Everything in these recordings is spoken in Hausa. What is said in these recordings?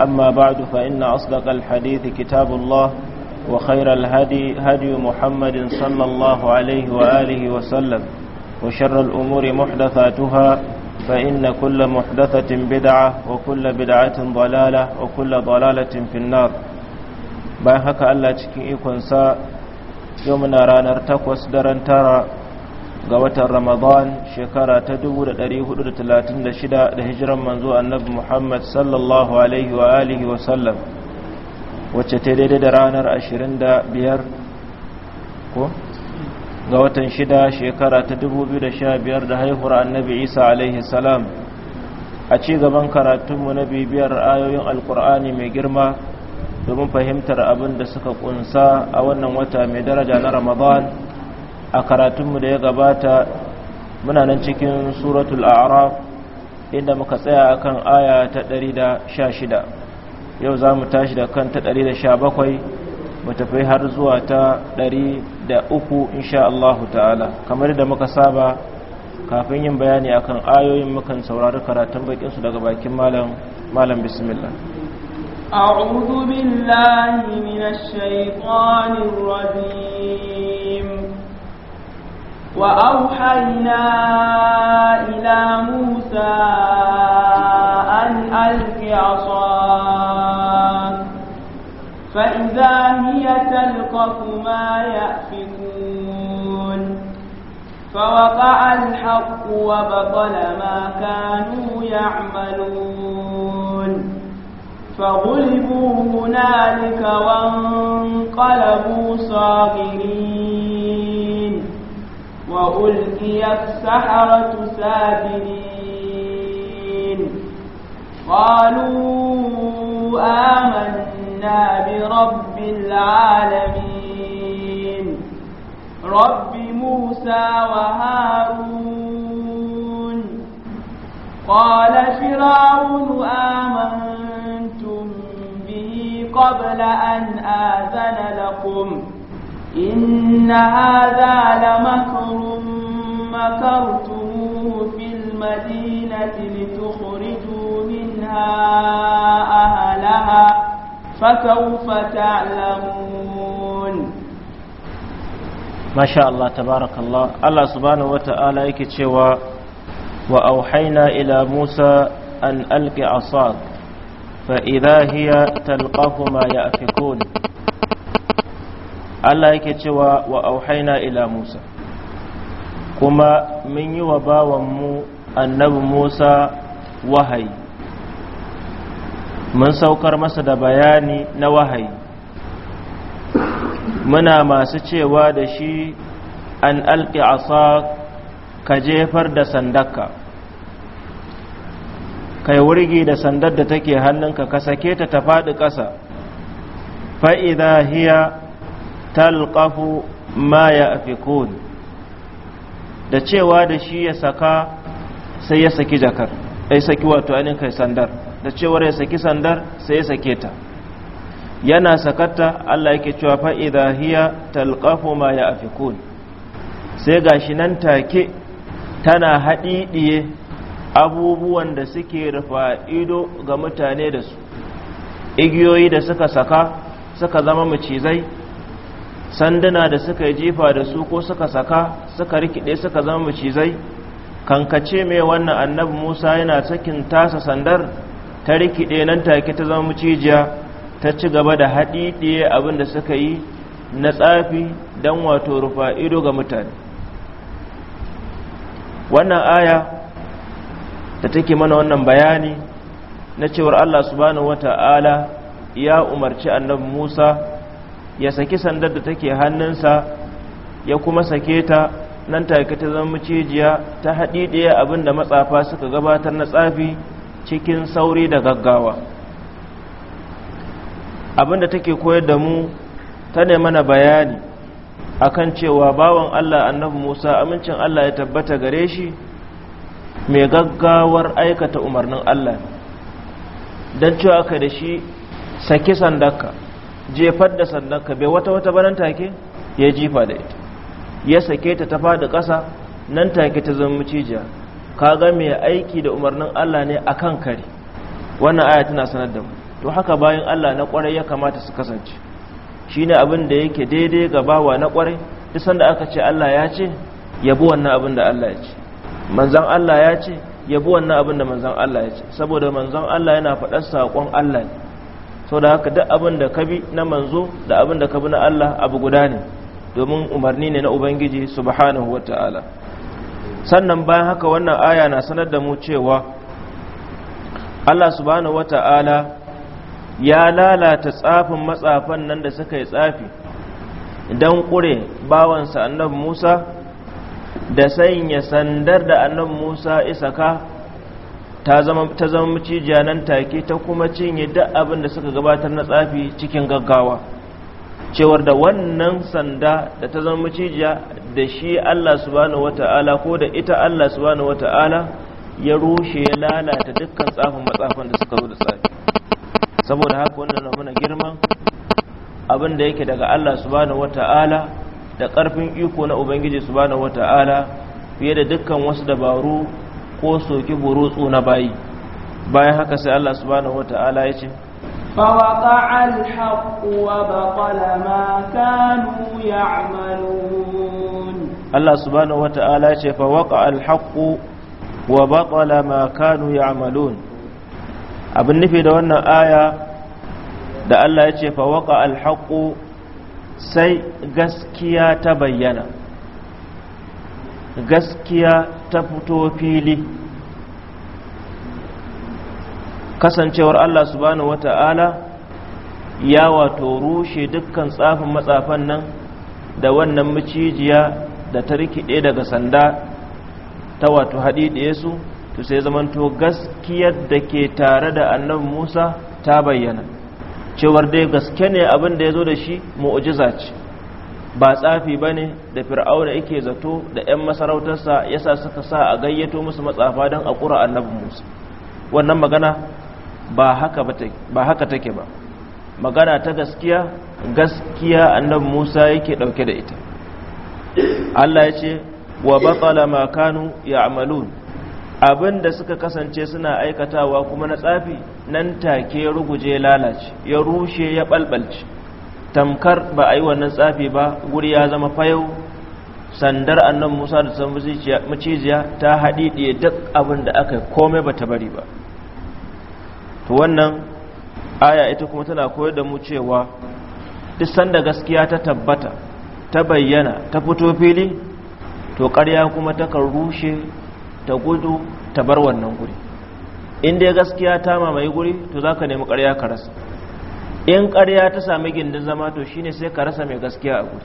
أما بعد فإن أصدق الحديث كتاب الله وخير الهدي هدي محمد صلى الله عليه وآله وسلم وشر الأمور محدثاتها فإن كل محدثة بدعة وكل بدعة ضلالة وكل ضلالة في النار باهك ألا تكيئكم سا يومنا رانر تقوى سدرا ترى ga watan ramadan shekara ta 1436 da hijiran manzo annabi muhammad sallallahu alaihi wa alihi wa sallam wacce ta daidai da ranar 25 ko ga watan 6 shekara ta 2015 da haihuwar annabi isa alaihi salam a ci gaban karatunmu na bibiyar ayoyin alkur'ani mai girma domin fahimtar abin da suka kunsa a wannan wata mai daraja na ramadan a karatunmu da ya gabata muna nan cikin suratul a'raf inda muka tsaya kan aya ta 116 yau za mu tashi da kan ta 117 mu tafi har zuwa ta ɗari 103 insha Allah ta'ala kamar da muka saba kafin yin bayani akan ayoyin mukan saurari karatun bakin daga bakin malam malam bismillah أعوذ بالله من الشيطان الرجيم وأوحينا إلى موسى أن ألق عصاك فإذا هي تلقف ما يأفكون فوقع الحق وبطل ما كانوا يعملون فغلبوا هنالك وانقلبوا صاغرين وألقي السحرة ساجدين قالوا آمنا برب العالمين رب موسى وهارون قال فرعون آمنتم به قبل أن آذن لكم إن هذا لمكر مكرتموه في المدينة لتخرجوا منها أهلها فسوف تعلمون ما شاء الله تبارك الله الله سبحانه وتعالى يكتشوا وأوحينا إلى موسى أن ألق عصاك فإذا هي تلقف ما يأفكون Allah yake cewa wa auhaina ila Musa kuma mun yi wa bawanmu annabi Musa wahayi mun saukar masa da bayani na wahayi muna masu cewa da shi an alƙi asa ka jefar da sandaka kai wurgi da sandar da take hannunka ka sake ta ta faɗi ƙasa Fa'ida hiya talqafu ma ya'fikun da cewa da shi ya saka sai ya saki jakar ai saki wato ainihin kai sandar da cewar ya saki sandar sai ya sake ta yana sakatta Allah yake cewa fa idha hiya talqafu ma ya'fikun sai gashi nan take tana haɗiɗiye abubuwan da suke rufa ido ga mutane da su igiyoyi da suka saka suka zama macizai sanduna da suka yi jifa da su ko suka saka suka rikide suka zama macizai kankace mai wannan annabi musa yana sakin tasa sandar ta rikide nan take ta zama macijiya ta ci gaba da haɗiɗiye abin da suka yi na tsafi don wato rufa ido ga mutane wannan aya da take mana wannan bayani na cewar allah subhanahu wata'ala ya umarci annabi musa ya saki sandar da take hannunsa ya kuma sake ta nan take ta zama cijiya ta haɗi ɗaya abin da matsafa suka gabatar na tsafi cikin sauri da gaggawa abin da take koyar da mu ta ne mana bayani akan cewa bawan Allah annabi Musa amincin Allah ya tabbata gare shi mai gaggawar aikata umarnin Allah don cewa ka da shi saki sandarka jefar da sannan ka bai wata wata banan take ya jifa da ita ya sake ta ta faɗi ƙasa nan take ta zama macijiya ka ga mai aiki da umarnin Allah ne a kan kari wannan aya tana sanar da mu to haka bayan Allah na ƙwarai ya kamata su kasance shi ne abin da yake daidai ga bawa na ƙwarai duk sanda aka ce Allah ya ce yabi wannan abin da Allah ya ce manzon Allah ya ce yabi wannan abin da manzon Allah ya ce saboda manzon Allah yana faɗar saƙon Allah ne sau da haka duk abin da ka bi na manzo da abin da ka bi na Allah abu guda ne domin umarni ne na ubangiji subhanahu wata'ala sannan bayan haka wannan aya na sanar da mu cewa Allah subhanahu wata'ala ya lalata tsafin matsafan nan da suka yi tsafi don kure bawansa annabi Musa da sanya sandar da annabi Musa isaka ta zama macijiya nan take ta kuma cinye duk abin da suka gabatar na tsafi cikin gaggawa cewar da wannan sanda da ta zama macijiya da shi Allah subhanahu wata'ala ko da ita Allah subhanahu wata'ala ya rushe ya lalata dukkan tsafin matsafin da suka zo da tsafi saboda haka wannan muna girman abin da yake daga Allah subhanahu wata'ala da ƙarfin iko na Ubangiji subhanahu wata'ala fiye da dukkan wasu dabaru ko soki burutsu na bayi bayan haka sai Allah subhanahu wata'ala ya ce فوقع الحق وبطل ما كانوا يعملون الله سبحانه وتعالى فوقع الحق وبطل ما كانوا يعملون abin nufi da wannan aya da Allah ya ce fawaka alhaƙo sai gaskiya ta bayyana gaskiya ta fito fili kasancewar Allah subhanahu wata'ala ya wato rushe dukkan tsafin matsafan nan da wannan macijiya da ta rikide daga sanda ta wato haɗiɗe su to sai zamanto gaskiyar da ke tare da annabi Musa ta bayyana cewar dai gaske ne abin da ya zo da shi mu'ujiza ce ba tsafi ba ne da fir'auna yake zato da 'yan masarautarsa ya sa suka sa a gayyato musu matsafa don a ƙura annabin musu wannan magana ba haka take ba magana ta gaskiya gaskiya annabin musa yake ɗauke da ita allah ya ce wa batsala makanu ya amalun abin da suka kasance suna aikatawa kuma na tsafi nan take ya ruguje lalace ya rushe ya ɓalɓalce tamkar ba a yi wannan tsafi ba guri ya zama fayau sandar annan musa da san maciziya ta haɗi ɗaya duk abin da aka kome ba ta bari ba to wannan aya ita kuma tana koyar da mu cewa duk sanda gaskiya ta tabbata ta bayyana ta fito fili to ƙarya kuma takan rushe ta gudu ta bar wannan guri in dai gaskiya ta mamaye guri to za ka nemi ƙarya ka rasa in ƙarya ta sami gindin zama to shine sai ka rasa mai gaskiya a gudu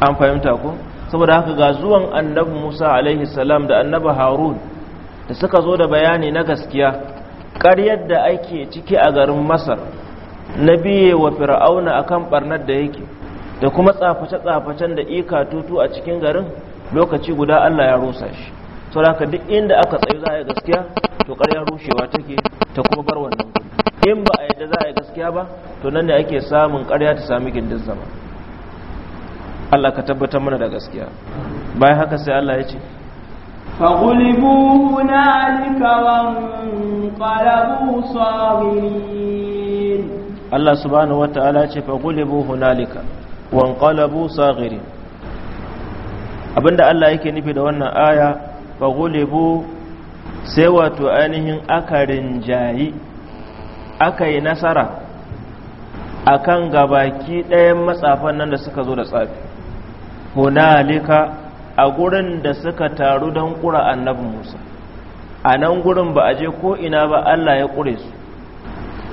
an fahimta ko saboda haka ga zuwan annabi musa alaihi salam da annabi harun da suka zo da bayani na gaskiya ƙaryar da ake ciki a garin masar na biye wa fir'auna a kan ɓarnar da yake da kuma tsaface-tsafacen da ika tutu a cikin garin lokaci guda allah ya rusa shi saboda haka duk inda aka tsayu za yi gaskiya to ƙaryar rushewa take ta kuma bar wannan in ba a yadda za a yi gaskiya ba to nan ne ake samun ƙarya ta sami gindin zama Allah ka tabbatar mana da gaskiya bayan haka sai Allah ya ce qalabu هنالك Allah subhanahu wataala ce وتعالى hunalika wan qalabu صاغرين abinda Allah yake nufi da wannan aya faghulibu sai wato ainihin akarin jayi aka yi nasara a kan gabaki ɗayan matsafan nan da suka zo da tsafi hunalika a gurin da suka taru don ƙura annabi musa a nan gurin ba a je ko ina ba allah ya ƙure su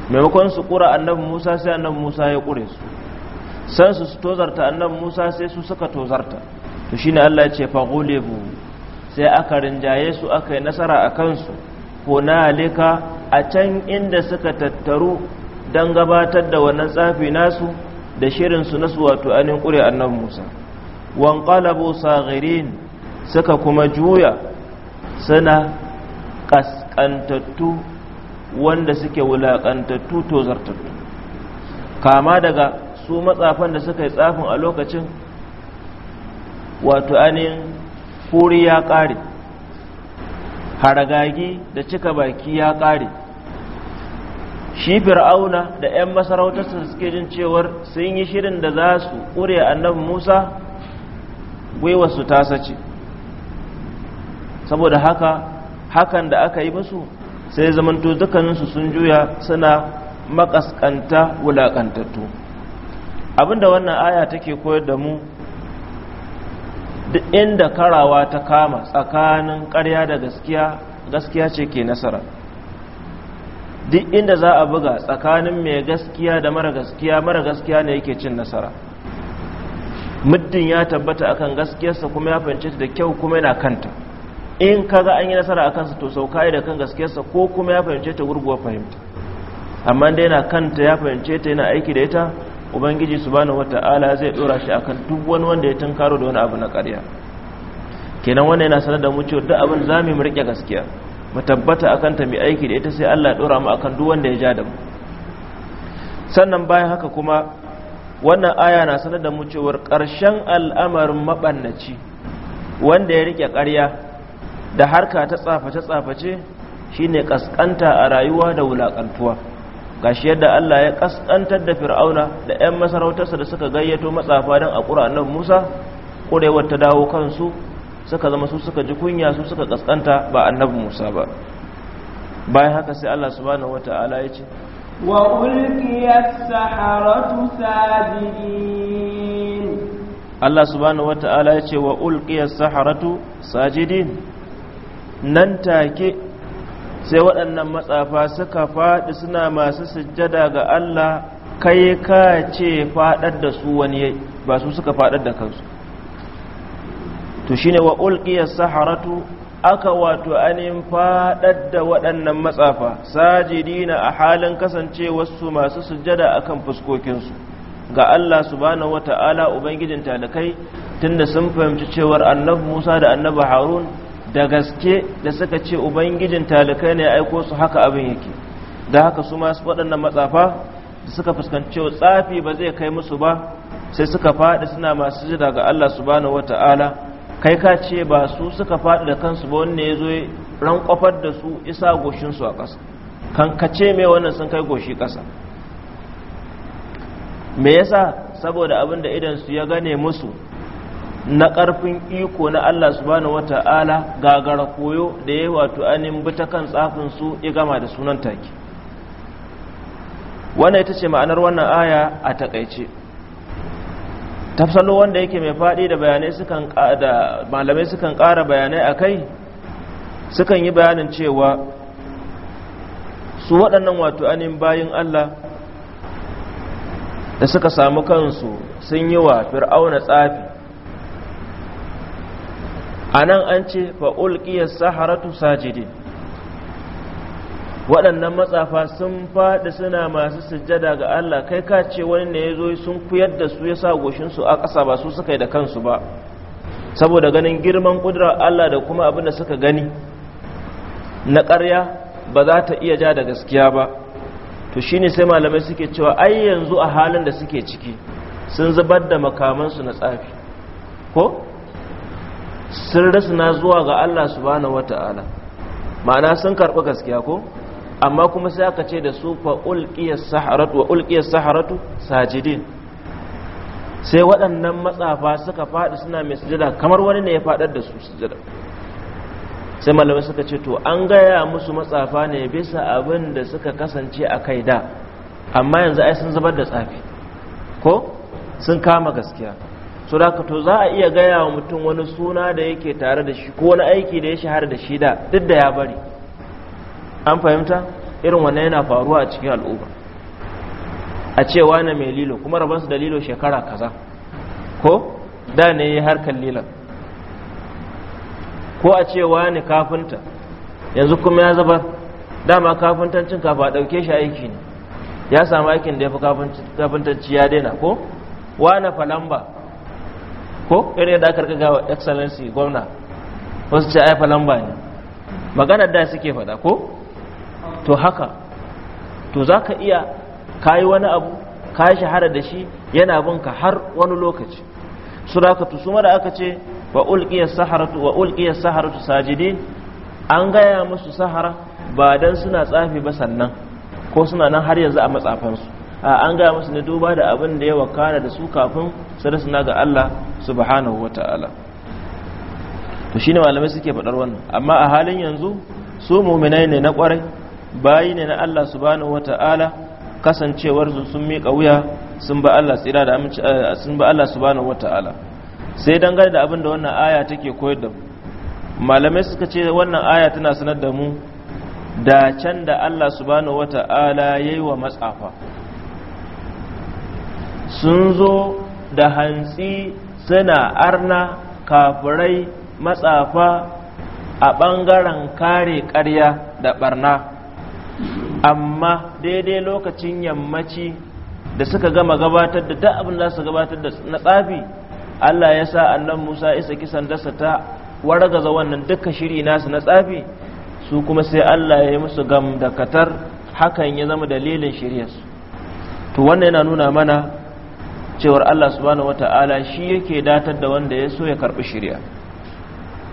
maimakon su ƙura annabi musa sai annabi musa ya ƙure su san su su tozarta annabi musa sai su suka tozarta to shine allah ya ce fagulebu sai aka rinjaye su aka yi nasara a kansu hunalika a can inda suka tattaru don gabatar da wannan tsafi nasu da shirinsu nasu wato anin ƙure annan musa wanƙalabo sagirin suka kuma juya suna ƙasƙantattu wanda suke wulaƙantattu to zartattu kama daga su matsafan da suka yi tsafin a lokacin wato anin furi ya ƙare haragagi da cika baki ya ƙare shi fir'auna da 'yan masarautarsa suke jin cewar sun yi shirin da za su ƙure annabi musa su ta sace saboda haka hakan da aka yi musu sai zamanto dukkaninsu sun juya suna makaskanta wulaƙantattu abinda wannan aya take koyar da mu duk inda karawa ta kama tsakanin ƙarya da gaskiya gaskiya ce ke nasara duk inda za a buga tsakanin mai gaskiya da mara gaskiya mara gaskiya ne yake cin nasara muddin ya tabbata akan gaskiyarsa kuma ya fahimci da kyau kuma yana kanta in kaga an yi nasara akan sa to sauka da kan gaskiyarsa ko kuma ya fahimce ta gurguwa fahimta amma dai yana kanta ya fahimce ta yana aiki da ita ubangiji subhanahu wata'ala zai dora shi akan duk wani wanda ya tunkaro da wani abu na ƙarya kenan wannan yana sanar da mu cewa duk abin zamu mu rike gaskiya mu tabbata akan ta mai aiki da ita sai Allah ya dora mu akan duk wanda ya ja da mu sannan bayan haka kuma wannan aya na sanar da mu cewa ƙarshen al'amarin mabannaci wanda ya rike ƙarya da harka ta tsaface-tsaface shine kaskanta a rayuwa da wulakantuwa gashi yadda Allah ya kaskantar da fir'auna da 'yan masarautarsa da suka gayyato matsafa dan a ƙura musa ƙurewar ta dawo kansu suka zama su suka ji kunya su suka kaskanta ba annabi musa ba bayan haka sai Allah subhanahu wata'ala ya ce wa ulkiyat saharatu sajidin Allah subhanahu wata'ala ya ce wa ulkiyat saharatu sajidin nan take sai waɗannan matsafa suka faɗi suna masu sujjada ga Allah kai ka ce faɗar da su wani ba su suka faɗar da kansu to shine wa ulqiyas saharatu aka wato anin faɗar da waɗannan matsafa sajidina a halin su masu sujjada akan fuskokinsu ga Allah subhanahu wata'ala ubangijin talakai tunda sun fahimci cewar annabi Musa da annabi Harun da gaske da suka ce ubangijin talikai ne aiko su haka abin yake da haka su masu waɗannan matsafa da suka fuskanci tsafi ba zai kai musu ba sai suka faɗi suna masu jira ga Allah subhanahu wata'ala kai ka ce ba su suka faɗi da kansu ba wanne ya zo ran kofar da su isa goshinsu a ƙasa kan ka ce mai wannan sun kai goshi ƙasa me yasa saboda abin da idan su ya gane musu na ƙarfin iko na Allah subhanahu wata'ala gagara koyo da ya wato anin bi ta kan tsafin su ya gama da sunan take wannan ita ce ma'anar wannan aya a takaice tafsalo wanda yake mai faɗi da bayanai sukan da malamai sukan ƙara bayanai a kai, sukan yi bayanin cewa su waɗannan wato anin bayin Allah da suka samu kansu sun yi wa fir'auna tsafi anan an ce fa'ulƙiyar saharatu sajidi waɗannan matsafa sun faɗi suna masu sujjada ga Allah kai ka ce wani ne ya zo sun kuyar da su ya sa goshinsu a ƙasa ba su suka yi da kansu ba saboda ganin girman ƙudurar Allah da kuma abin da suka gani na ƙarya ba za ta iya ja da gaskiya ba to shine sai malamai suke cewa ai yanzu a halin da suke ciki sun zubar da makamansu na tsafi ko sun rasuna zuwa ga Allah subhanahu wata'ala ma'ana sun karɓi gaskiya ko amma kuma sai aka ce da su fa ulqiyas saharatu wa sajidin sai waɗannan matsafa suka faɗi suna mai sujada kamar wani ne ya faɗar da su sujada sai malamai suka ce to an gaya musu matsafa ne bisa abin da suka kasance a kai da amma yanzu ai sun zubar da tsafi ko sun kama gaskiya so da to za a iya gaya wa mutum wani suna da yake tare da shi ko wani aiki da ya shahara da shi da duk da ya bari an fahimta irin wannan yana faruwa a cikin al'umma a cewa na mai lilo kuma rabansu da lilo shekara kaza ko da ne ya harkar lilan ko a cewa ne kafinta yanzu kuma ya zabar dama kafintancin kafa ɗauke shi aiki ne ya samu aikin da ya fi kafintanci ya daina ko wane falamba ko irin yadda aka riga wa excellency gwamna wasu ce aifa lamba ne maganar da suke faɗa ko to haka to za ka iya kayi wani abu ka shahara da shi yana binka har wani lokaci su da aka tusuma da aka ce wa ulkiyar saharatu wa ulkiyar saharatu sajidin an gaya musu sahara ba dan suna tsafi ba sannan ko suna nan har yanzu a matsafansu a an gaya musu ne duba da abin da ya wakana da su kafin na ga Allah subhanahu wa ta'ala to shine malamai suke faɗar wannan amma a halin yanzu su muminai ne na ƙwarai bayi ne na Allah subhanahu wa ta'ala kasancewar su sun miƙa wuya sun ba Allah tsira da amince eh, sun ba Allah subhanahu wa ta'ala sai dangane da abin da wannan aya take koyar da mu malamai suka ce wannan aya tana sanar da mu da can da Allah subhanahu wa ta'ala yayi wa matsafa sun zo da hantsi suna arna kafurai matsafa a ɓangaren kare karya da ɓarna amma daidai lokacin yammaci da suka gama gabatar da ta abin da su gabatar da na tsafi Allah ya sa annan Musa isa kisan dasa ta wargaza wannan duka shiri nasu na tsafi su kuma sai Allah ya yi musu gam da katar hakan ya zama dalilin shiryarsu to wannan yana nuna mana cewar Allah subhanahu wata'ala shi yake datar da wanda ya so ya karbi shirya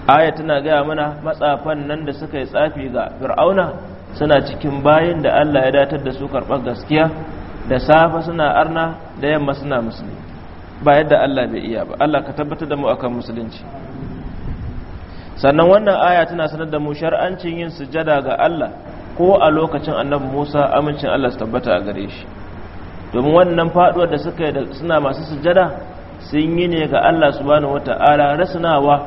aya tana gaya mana matsafan nan da suka yi tsafi ga fir'auna suna cikin bayin da Allah ya datar da su karɓar gaskiya da safa suna arna da yamma suna musulmi ba yadda Allah bai iya ba Allah ka tabbatar da mu akan musulunci sannan wannan aya tana sanar da mu shar'ancin yin sujada ga Allah ko a lokacin annabi Musa amincin Allah su tabbata a gare shi domin wannan faduwar da suka yi suna masu sujada sun yi ne ga Allah subhanahu wata'ala rasnawa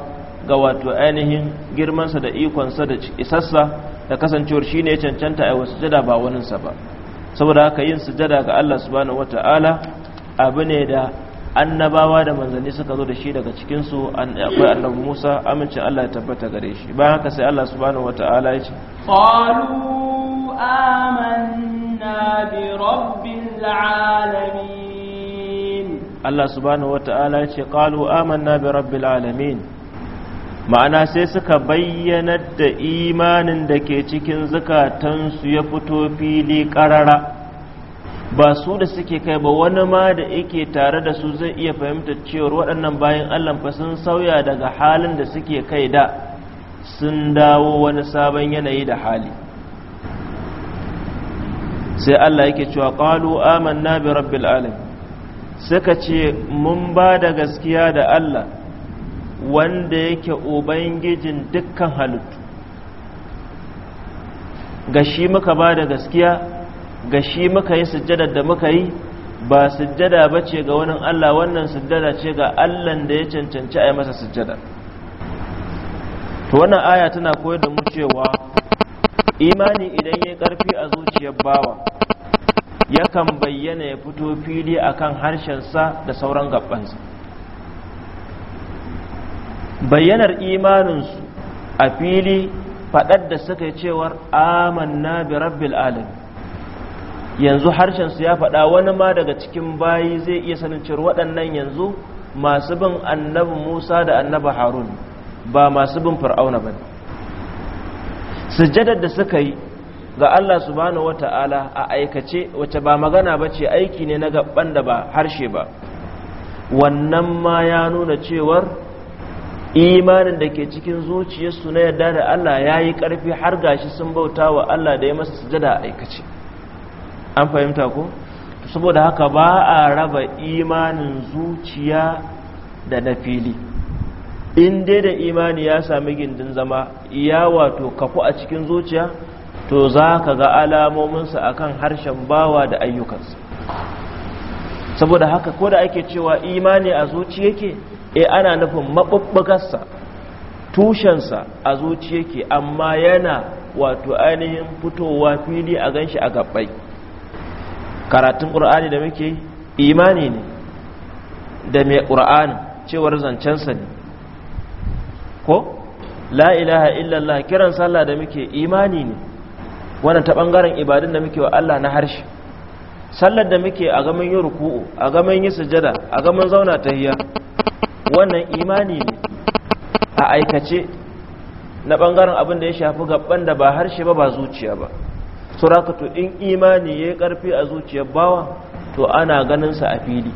ga wato ainihin girmansa da ikonsa da isassa da kasancewar shine ne cancanta a wasu sujada ba waninsa ba saboda haka yin sujada ga Allah subhanahu wata'ala abu ne da annabawa da manzanni suka zo da shi daga cikin su akwai annabi Musa amincin Allah ya tabbata gare shi bayan haka sai Allah subhanahu wata'ala ya ce qalu amanna آمنا برب العالمين الله ce وتعالى amanna bi rabbil alamin ma'ana sai suka bayyanar da imanin da ke cikin su ya fito fili ƙarara ba su da suke kai ba wani ma da yake tare da su zai iya fahimtar cewar waɗannan bayan allah fa sun sauya daga halin da suke kai da sun dawo wani sabon yanayi da hali sai Allah yake cewa qalu amanna bi rabbil alamin suka ce mun ba da gaskiya da Allah wanda yake ubangijin dukkan halittu ga shi muka ba da gaskiya ga shi muka yi sujjadar da muka yi ba sujjada ba ce ga wani Allah wannan sujjada ce ga Allahn da ya cancanci a yi masa sujjada to wannan aya tana koyar da mu cewa imani idan ya karfi a zuciyar bawa yakan bayyana ya fito fili a kan harshensa da sauran gabansa bayyanar imaninsu a fili faɗar da suka yi cewar amanna bi rabbil alam yanzu harshensu ya faɗa wani ma daga cikin bayi zai iya sanin cewar waɗannan yanzu masu bin annabi musa da annabi harun ba masu bin fir'auna ba ne sujjadar da suka yi ga Allah subhanahu wata'ala a aikace wacce ba magana ba ce aiki ne na gaban da ba harshe ba wannan ma ya nuna cewar imanin da ke cikin zuciyarsu na yarda da Allah ya yi ƙarfi har gashi sun bauta wa Allah da ya masa sujada a aikace an fahimta ko saboda haka ba a raba imanin zuciya da na fili in dai da imani ya sami gindin zama ya wato kafu a cikin zuciya to za ka ga alamominsa kan harshen bawa da ayyukansa saboda haka ko da ake cewa imani a zuci yake e ana nufin maɓuɓɓugarsa tushensa a zuci yake amma yana wato ainihin fitowa fili a ganshi a gabbai karatun ƙur'ani da muke imani ne da mai ƙur'ani cewar zancensa ne ko la ilaha illallah kiran sallah da muke imani ne wannan ta bangaren ibadun da muke wa Allah na harshe sallar da muke a gaman yi ruku'u a gaman yin sujada a gaman zauna tahiyya wannan imani ne a aikace na bangaren abin da ya shafi gaban da ba harshe ba ba zuciya ba surakatu in imani yayi karfi a zuciyar bawa to ana ganin sa a fili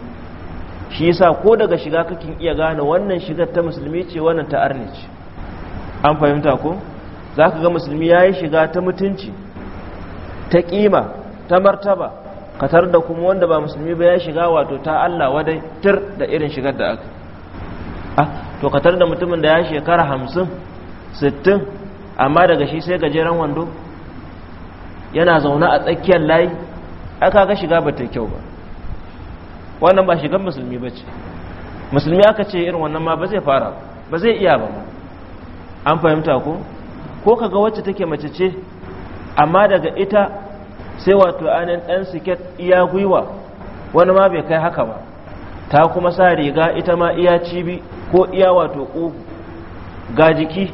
shi yasa ko daga shiga kakin iya gane wannan shigar ta musulmi ce wannan ta arni ce an fahimta ko za ka ga musulmi ya yi shiga ta mutunci ta ƙima ta martaba katar da kuma wanda ba musulmi ba ya shiga wato ta allah wadai tir da irin shigar da aka ah to katar da mutumin da ya shekara hamsin sittin amma daga shi sai gajeren wando yana zaune a tsakiyar layi aka ga shiga ba ta kyau ba wannan ba shigar musulmi ba ce musulmi aka ce irin wannan ma ba zai fara ba zai iya ba an fahimta ko ko kaga wacce take mace ce amma daga ita sai wato anan ɗan siket iya gwiwa wani ma bai kai haka ba ta kuma sa riga ita ma iya cibi ko iya wato ƙofu. ga jiki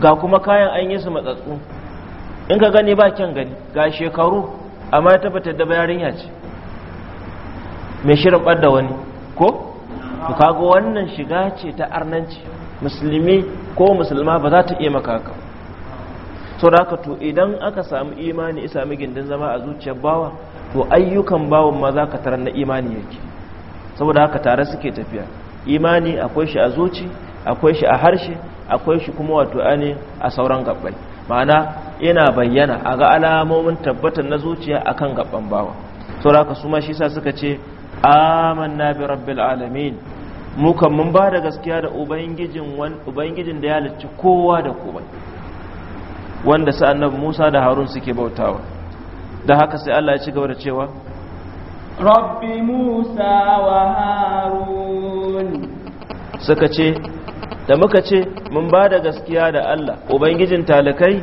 ga kuma kayan an yi su matsatsu in ka gani ba kyan gani ga shekaru amma ta fitar da yarinya ce mai shirin da wani ko to kago wannan shiga ce ta arnanci musulmi ko musulma ba za ta iya maka so da haka to idan aka samu imani isa mi gindin zama a zuciyar bawa to ayyukan bawan ma za ka tarar na imani yake saboda haka tare suke tafiya imani akwai shi a zuci akwai shi a harshe akwai shi kuma wato ane a sauran gabbai ma'ana yana bayyana a ga alamomin tabbatar na zuciya akan gabban bawa saboda haka su ma shi sa suka ce amanna bi rabbil alamin mu kan mun ba da gaskiya da ubangijin ubangijin da ya halicci kowa da kowa wanda sai annabi Musa da Harun suke bautawa da haka sai Allah ya ci gaba da cewa rabbi Musa wa Harun suka ce da muka ce mun ba da gaskiya da Allah ubangijin talakai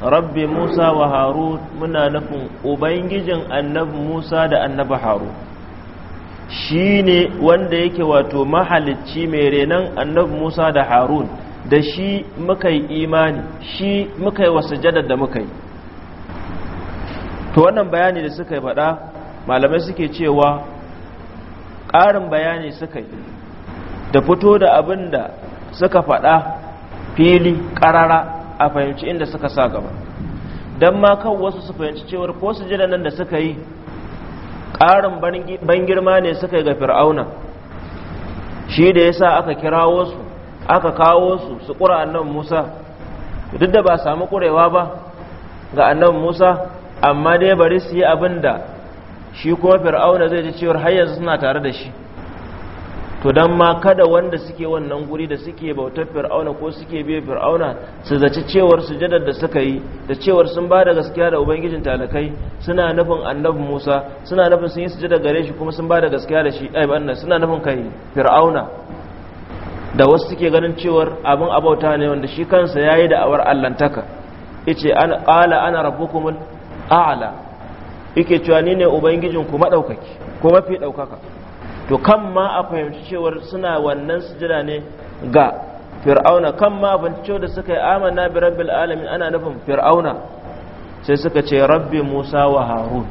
rabbi Musa wa Harun muna nufin ubangijin annabi Musa da annabi Harun shi ne wanda yake wato mahalicci mai renon annabi musa da harun da shi muka yi imani shi muka yi wasu jadar da muka yi to wannan bayani da suka yi faɗa malamai suke cewa ƙarin bayani suka yi da fito da abin da suka faɗa fili ƙarara a fahimci inda suka sa gaba don ma kan wasu su fahimci cewar ko su jada nan da suka yi ƙarin ban girma ne suka ga fir'auna shi da yasa aka kirawo su aka kawo su su ƙura annan musa duk da ba samu ƙurewa ba ga annan musa amma dai bari su yi abin da shi kuma fir'auna zai ji cewar har yanzu suna tare da shi to dan ma kada wanda suke wannan guri da suke bautar fir'auna ko suke biye fir'auna su zaci cewar sujadar da suka yi da cewar sun ba da gaskiya da ubangijin talakai suna nufin annabin Musa suna nufin sun yi sujada gare shi kuma sun ba da gaskiya da shi ai banna suna nufin kai fir'auna da wasu suke ganin cewar abin abauta ne wanda shi kansa yayi da awar allantaka yace an qala ana rabbukumul a'la yake cewa ni ne ubangijinku madaukaki ko mafi daukaka to kan ma a fahimci cewar suna wannan sujada ne ga fir'auna kan ma cewar da suka yi amana bi rabbil alamin ana nufin fir'auna sai suka ce rabbi musa wa harun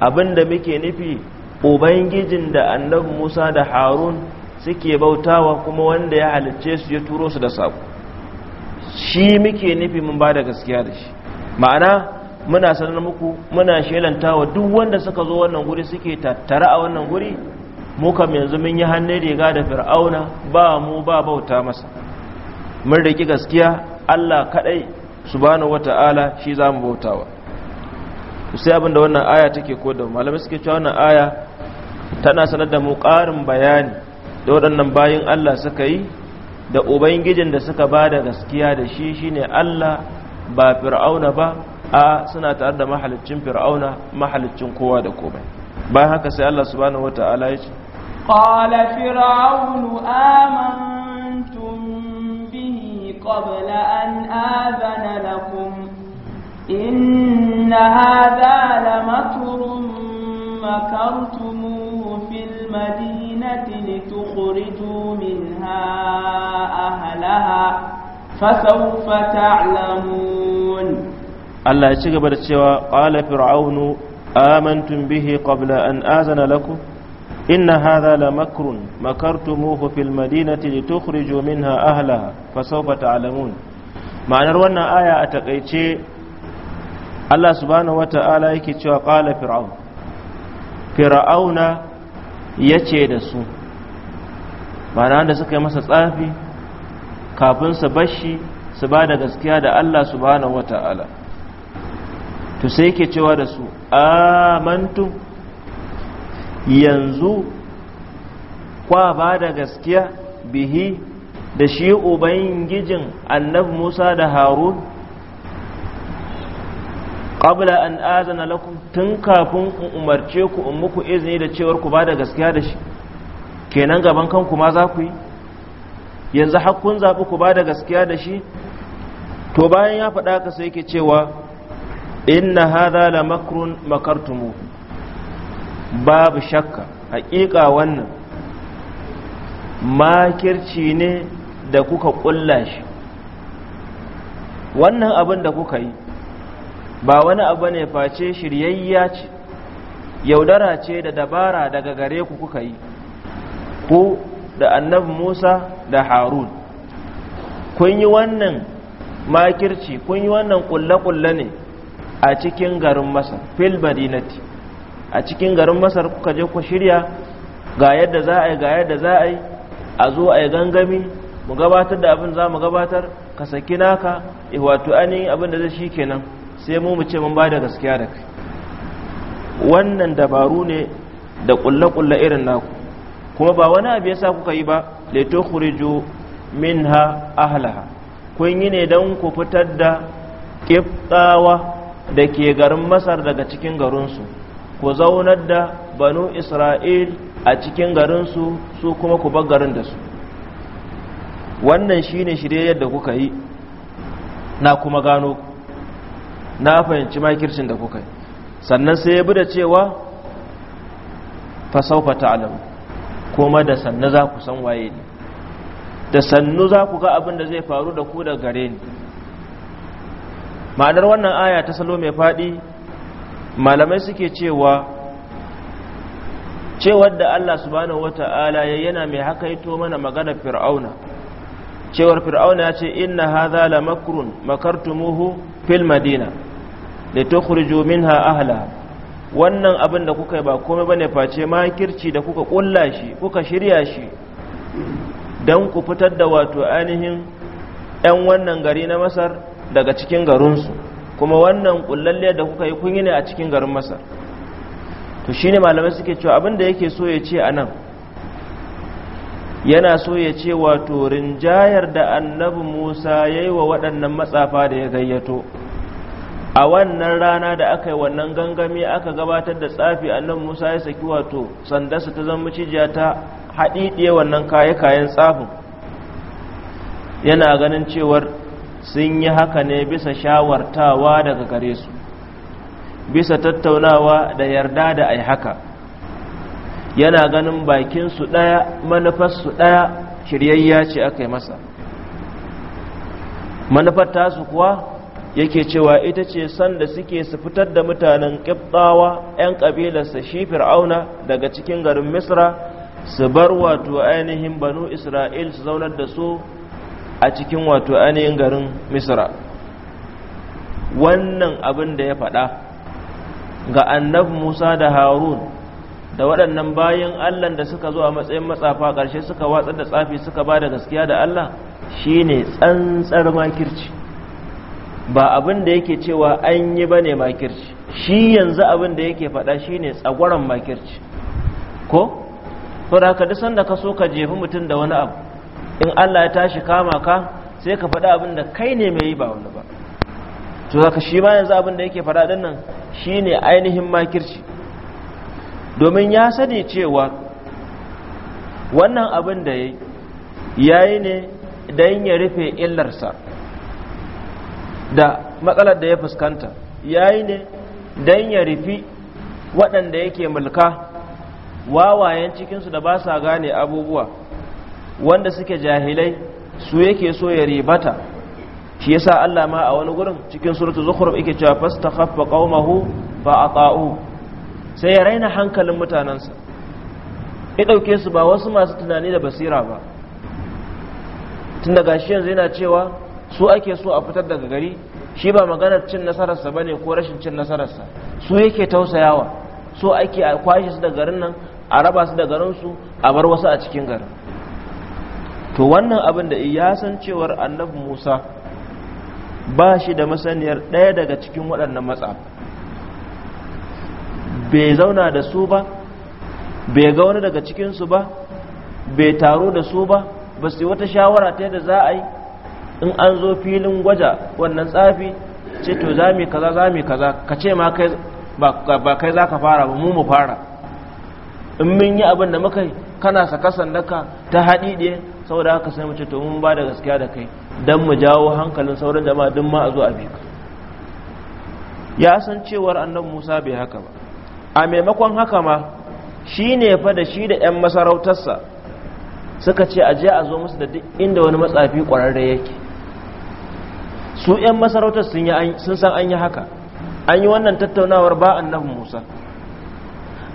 abinda muke nufi ubangijin da annabi musa da harun suke bautawa kuma wanda ya halicce su ya turo su da sako shi muke nufi mun ba da gaskiya da shi ma'ana muna sanar muku muna shelanta duk wanda suka zo wannan guri suke tattara a wannan guri mu yanzu mun yi hannun riga da fir'auna ba mu ba bauta masa mun riki gaskiya Allah kadai subhanahu wata'ala shi za mu bautawa sai abinda wannan aya take koda malamai suke cewa wannan aya tana sanar da mu ƙarin bayani da waɗannan bayin Allah suka yi da ubangijin da suka ba da gaskiya da shi shine Allah ba fir'auna ba a suna tare da mahalicin fir'auna mahalicin kowa da komai bayan haka sai Allah subhanahu wata'ala ya ce qala fir'aunu amantum bihi qabla an azana lakum inna hadha la lamakrun makartumuhu fil madinati litukhriju minha ahlaha fasawfa ta'lamun Allah ya ci gaba da cewa qala fir'aunu amantum bihi qabla an azana lakum inna hadha la makrun makartumuhu fil madinati litukhriju minha ahlaha fasawfa ta'lamun ma'anar wannan aya a takaice Allah subhanahu wata'ala yake cewa qala fir'aun fir'auna yace da su ma'ana da suka yi masa tsafi kafin su bashi su ba da gaskiya da Allah subhanahu wata'ala to sai yake cewa da su amantu yanzu kwa ba da gaskiya bihi da shi ubangijin annabi musa da harun qabla an azana lakum tun kafin in umarce ku in muku izini da cewar ku ba da gaskiya da shi kenan gaban kanku ma za ku yi yanzu hakkun zaɓi ku ba da gaskiya da shi to bayan ya faɗa ka sai ke cewa inna hadha la makrun makartumu babu shakka haƙiƙa wannan makirci ne da kuka ƙulla shi wannan abin da kuka yi ba wani abu ne face shiryayya ce yaudara ce da dabara daga gare ku kuka yi ku da annabi musa da harun kun yi wannan makirci kun yi wannan ƙulle-ƙulle ne a cikin garin masar fil madinati a cikin garin masar kuka je ku shirya ga yadda za a yi ga yadda za a yi a zo a yi gangami mu gabatar da abin za mu gabatar ka saki naka eh, wato ani abin da zai shi kenan sai mu mu ce mun ba da gaskiya da kai wannan dabaru ne da kulle-kulle irin naku kuma ba wani abu yasa kuka yi ba leto khuriju minha ahlaha kun yi ne don ku fitar da kiftawa da ke garin masar daga cikin garinsu ku zaunar da banu isra'il a cikin garinsu su kuma ku bar garin da su wannan shine shirye yadda kuka yi na kuma gano ku na fahimci makircin da kuka yi sannan sai ya bi da cewa fasaufa alamu. kuma da sannu za ku san waye ne da sannu za ku ga abin da zai faru da ku da gare ni ma'anar wannan aya ta salo mai faɗi malamai suke cewa cewar da Allah subhanahu wata'ala yana mai haka hakaito mana magana fir'auna cewar fir'auna ya ce inna hadha la makrun makartumuhu fil madina litukhriju minha ahla wannan abin da kuka yi ba komai bane face makirci da kuka kulla shi kuka shirya shi dan ku fitar da wato ainihin 'yan wannan gari na masar daga cikin garinsu kuma wannan kullalle da kuka yi kun yi ne a cikin garin masar to shine malamai suke cewa abin da yake so ya ce anan yana so ya ce wato rinjayar da annabi musa ya yi wa waɗannan matsafa da ya gayyato a wannan rana da aka yi wannan gangami aka gabatar da tsafi annan musa ya saki wato su ta zama cijiya ta haɗiɗiye wannan kaye kayan tsafin yana ganin cewar sun yi haka ne bisa shawartawa daga gare su bisa tattaunawa da yarda da ai haka yana ganin bakin bakinsu ɗaya manufarsu ɗaya shiryayya ce aka yi masa manufar tasu kuwa yake cewa ita ce sanda suke su fitar da mutanen ƙibtawa 'yan ƙabilarsa shi fir'auna daga cikin garin misra su bar wato ainihin banu isra'il su zaunar da su a cikin wato ainihin garin misra wannan abin da ya faɗa ga annab musa da harun da waɗannan bayan allah da suka zuwa matsayin matsafa ƙarshe suka watsa da tsafi suka ba da gaskiya da allah shine tsantsar makirci ba abin da yake cewa an yi ba ne makirci shi yanzu abin da yake faɗa shine tsagwaron makirci ko? to ka duk sanda ka so ka jefi mutum da wani abu in Allah ya tashi kama ka sai ka faɗa abin da kai ne mai yi ba wani ba to zaka shi ma yanzu abin da yake faɗa ɗin nan shine ainihin makirci domin ya sani cewa wannan abin da ya yayi ne don ya rufe illarsa da matsalar da ya fuskanta yayi ne don ya rufi waɗanda yake mulka wawayen cikinsu da ba sa gane abubuwa wanda suke jahilai su yake so ya ribata shi yasa Allah ma a wani gurin cikin suratul zukhruf yake cewa fastakhaffa qaumahu fa ata'u sai ya raina hankalin mutanansa ya dauke su ba wasu masu tunani da basira ba tun daga shi yanzu yana cewa su ake so a fitar daga gari shi ba maganar cin nasararsa ne ko rashin cin nasararsa su yake tausayawa so ake kwashe su da garin nan a raba su da garin su a bar wasu a cikin garin to wannan abin da ya san cewar annabi musa ba shi da masaniyar ɗaya daga cikin waɗannan matsa bai zauna da su ba bai ga wani daga cikinsu ba bai taro da su ba ba su wata shawara ta yadda za a yi in an zo filin gwaja wannan tsafi ce to za mu kaza za mu kaza ka ce ma kai ba kai za ka fara ba mu mu fara in mun yi abin da muka kana saka daka ta haɗi ɗaya saboda haka sai mu ce to mun ba da gaskiya da kai dan mu jawo hankalin sauran jama'a duk ma a zo a bi ya san cewar annabi Musa bai haka ba a maimakon haka ma shine fa da shi da ƴan masarautarsa suka ce aje a zo musu da duk inda wani matsafi ƙwararre yake su ƴan masarautar sun san an yi haka an yi wannan tattaunawar ba annabi Musa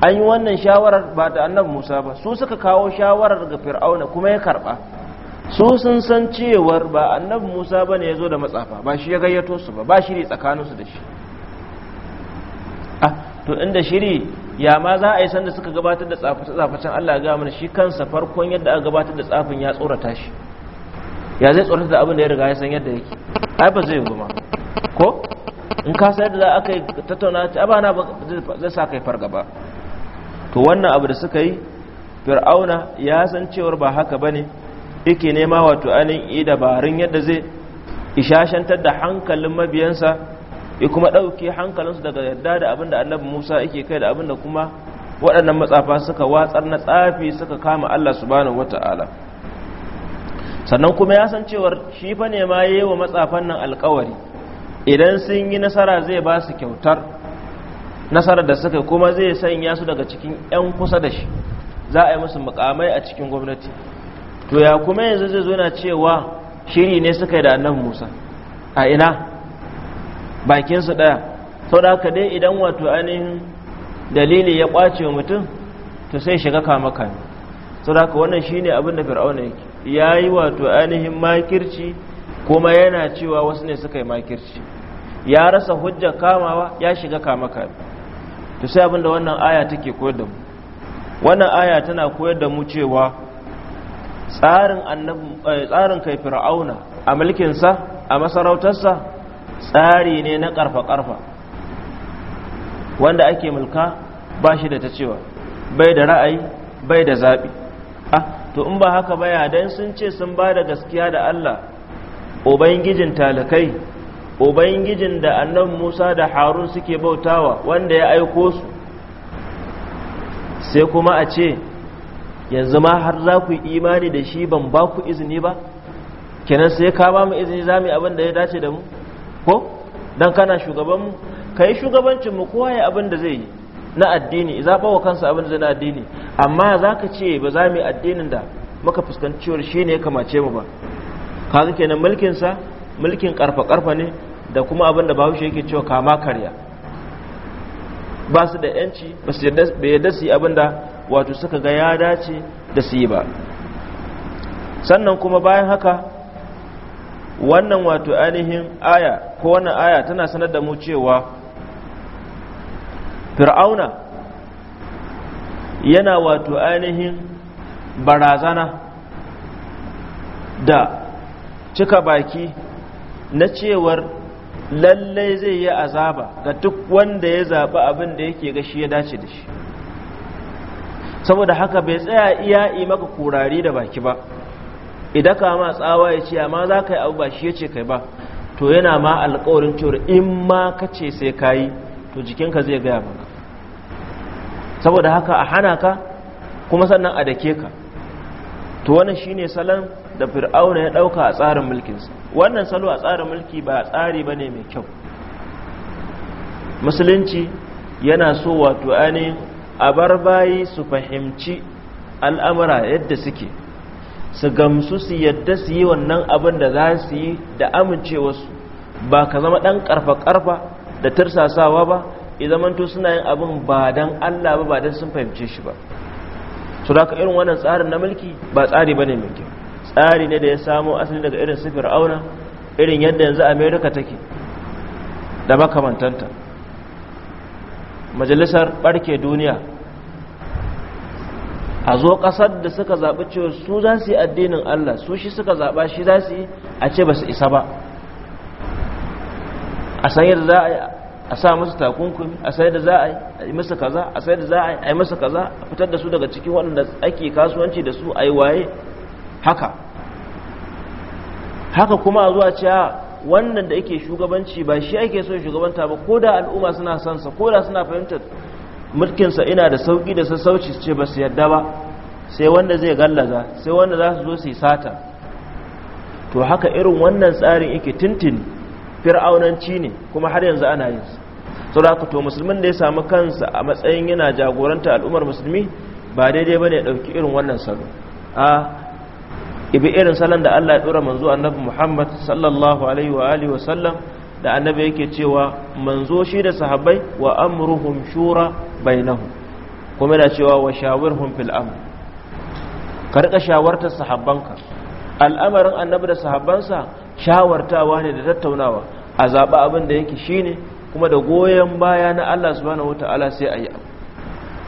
an yi wannan shawarar ba da annabi musa ba su suka kawo shawarar ga fir'auna kuma ya karba su sun san cewar ba annabi musa ba ne ya zo da matsafa ba shi ya gayyato su ba ba ne tsakaninsu da shi A ah, to inda shiri ya ma za a yi sanda suka gabatar da tsafacen allah ga mana shi kansa farkon yadda aka gabatar da tsafin ya tsorata shi ya zai tsorata da abin da ya riga ya san yadda yake ai ba zai guma, ko in ka sayar da za a kai tattauna abana ba zai sa kai fargaba to wannan abu da suka yi fir'auna ya san cewar ba haka ba ne yake nema wato anin yi dabarun yadda zai ishashantar da hankalin mabiyansa ya kuma ɗauke hankalinsu daga yarda da abin da annabi musa yake kai da abin da kuma waɗannan matsafa suka watsar na tsafi suka kama allah subhanahu ta'ala. sannan kuma ya san cewar shi fa ne ma yi wa matsafan nan alkawari idan sun yi nasara zai ba su kyautar nasarar da suka kuma zai sanya su daga cikin 'yan kusa da shi za a yi musu mukamai a cikin gwamnati to ya kuma yanzu zai zo na cewa shiri ne suka yi da annabi musa a ina bakinsu ɗaya sau da haka dai idan wato ainihin dalili ya kwace mutum to sai shiga kama kame sau da haka wannan shine abin da fir'auna yake ya yi wato ainihin makirci kuma yana cewa wasu ne suka yi makirci ya rasa hujjar kamawa ya shiga kama kame to sai abinda wannan aya take koyar da mu wannan aya tana koyar da mu cewa tsarin annabi eh, tsarin kai fir'auna a mulkinsa a masarautarsa tsari ne na karfa karfa wanda ake mulka ba shi da ta cewa bai da ra'ayi bai da zaɓi ah, to in ba haka ba ya dan sun ce sun ba da gaskiya da Allah ubangijin talakai ubangijin da annabi Musa da Harun suke bautawa wanda ya aiko su sai kuma a ce yanzu ma har za ku imani da shi ban ba ku izini ba kenan sai ka ba mu izini za mu abin da ya dace da mu ko dan kana shugaban mu kai shugabancin mu kowa ya abin da zai yi na addini zaɓa wa kansa abin da zai na addini amma za ka ce ba za mu addinin da muka fuskanci shi ne ya kamace mu ba kaga kenan mulkinsa mulkin karfa karfa ne da kuma abin da bahaushe yake cewa kama karya ba su da yanci ba su yadda su yi abin da wato suka ga ya dace da su yi ba sannan kuma bayan haka wannan wato ainihin aya ko wannan aya tana sanar da mu cewa fir'auna yana wato ainihin barazana da cika baki na cewar lallai zai yi azaba ga duk wanda ya zaɓi abin da yake ga shi ya dace da shi saboda haka bai tsaya iya yi maka kurari da baki ba idan ka ma tsawa ya ce amma za ka yi abu ba shi ya ce kai ba to yana ma alkawarin cewar in ma ka ce sai ka yi to jikinka zai gaya maka saboda haka a hana ka kuma sannan a dake ka to wannan shine salon da fir'auna ya ɗauka a tsarin mulkinsa wannan salo a tsarin mulki ba tsari ba ne mai kyau musulunci yana so wato ne a bar bayi su fahimci al'amura yadda suke su gamsu su yadda su yi wannan abin da za su yi da amincewarsu ba ka zama ɗan ƙarfa-ƙarfa da tursasawa ba izamanto suna yin abin ba don allah ba ba don sun fahimce shi ba su da irin wannan tsarin na mulki ba tsari ba ne mai kyau tsari ne da ya samo asali daga irin su fir'auna irin yadda yanzu amerika take da makamantanta majalisar barke duniya a zo kasar da suka zaɓi cewa su za su yi addinin allah su shi suka zaɓa shi za su yi a ce ba su isa ba a san yadda za a yi a sa musu takunkumi a sai da za a yi musu kaza a sai da za a yi musu kaza a fitar da su daga cikin waɗanda ake kasuwanci da su a yi waye haka haka kuma a zuwa cewa wannan da yake shugabanci ba shi ake so shugabanta ba ko da al'umma suna son sa ko da suna fahimtar mulkinsa ina da sauki da sassauci ce ba su yarda ba sai wanda zai gallaza sai wanda za su zo su yi sata to haka irin wannan tsarin yake tintin fir'aunanci ne kuma har yanzu ana yin sa saboda to musulmin da ya samu kansa a matsayin yana jagoranta al'ummar musulmi ba daidai bane ya ɗauki irin wannan salo a ibi irin salon da Allah ya dora manzo annabi Muhammad sallallahu alaihi wa alihi wa sallam da annabi yake cewa manzo shi da sahabbai wa amruhum shura bainahum kuma yana cewa wa shawirhum fil amr ka rika shawartar sahabbanka al'amarin annabi da sahabbansa shawartawa ne da tattaunawa a zaɓa abin da yake shine kuma da goyon baya na Allah subhanahu wataala sai a yi abu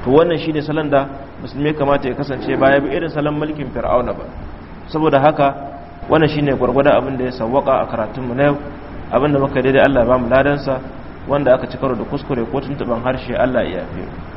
to wannan shine salon da musulmi kamata ya kasance baya bi irin salon mulkin fir'auna ba saboda haka wani shine ne abin da ya sawwaka a karatunmu na yau abinda da muka daidai Allah ba mu ladansa wanda aka cikaru da kuskure ko tuntuban harshe Allah ya fiye.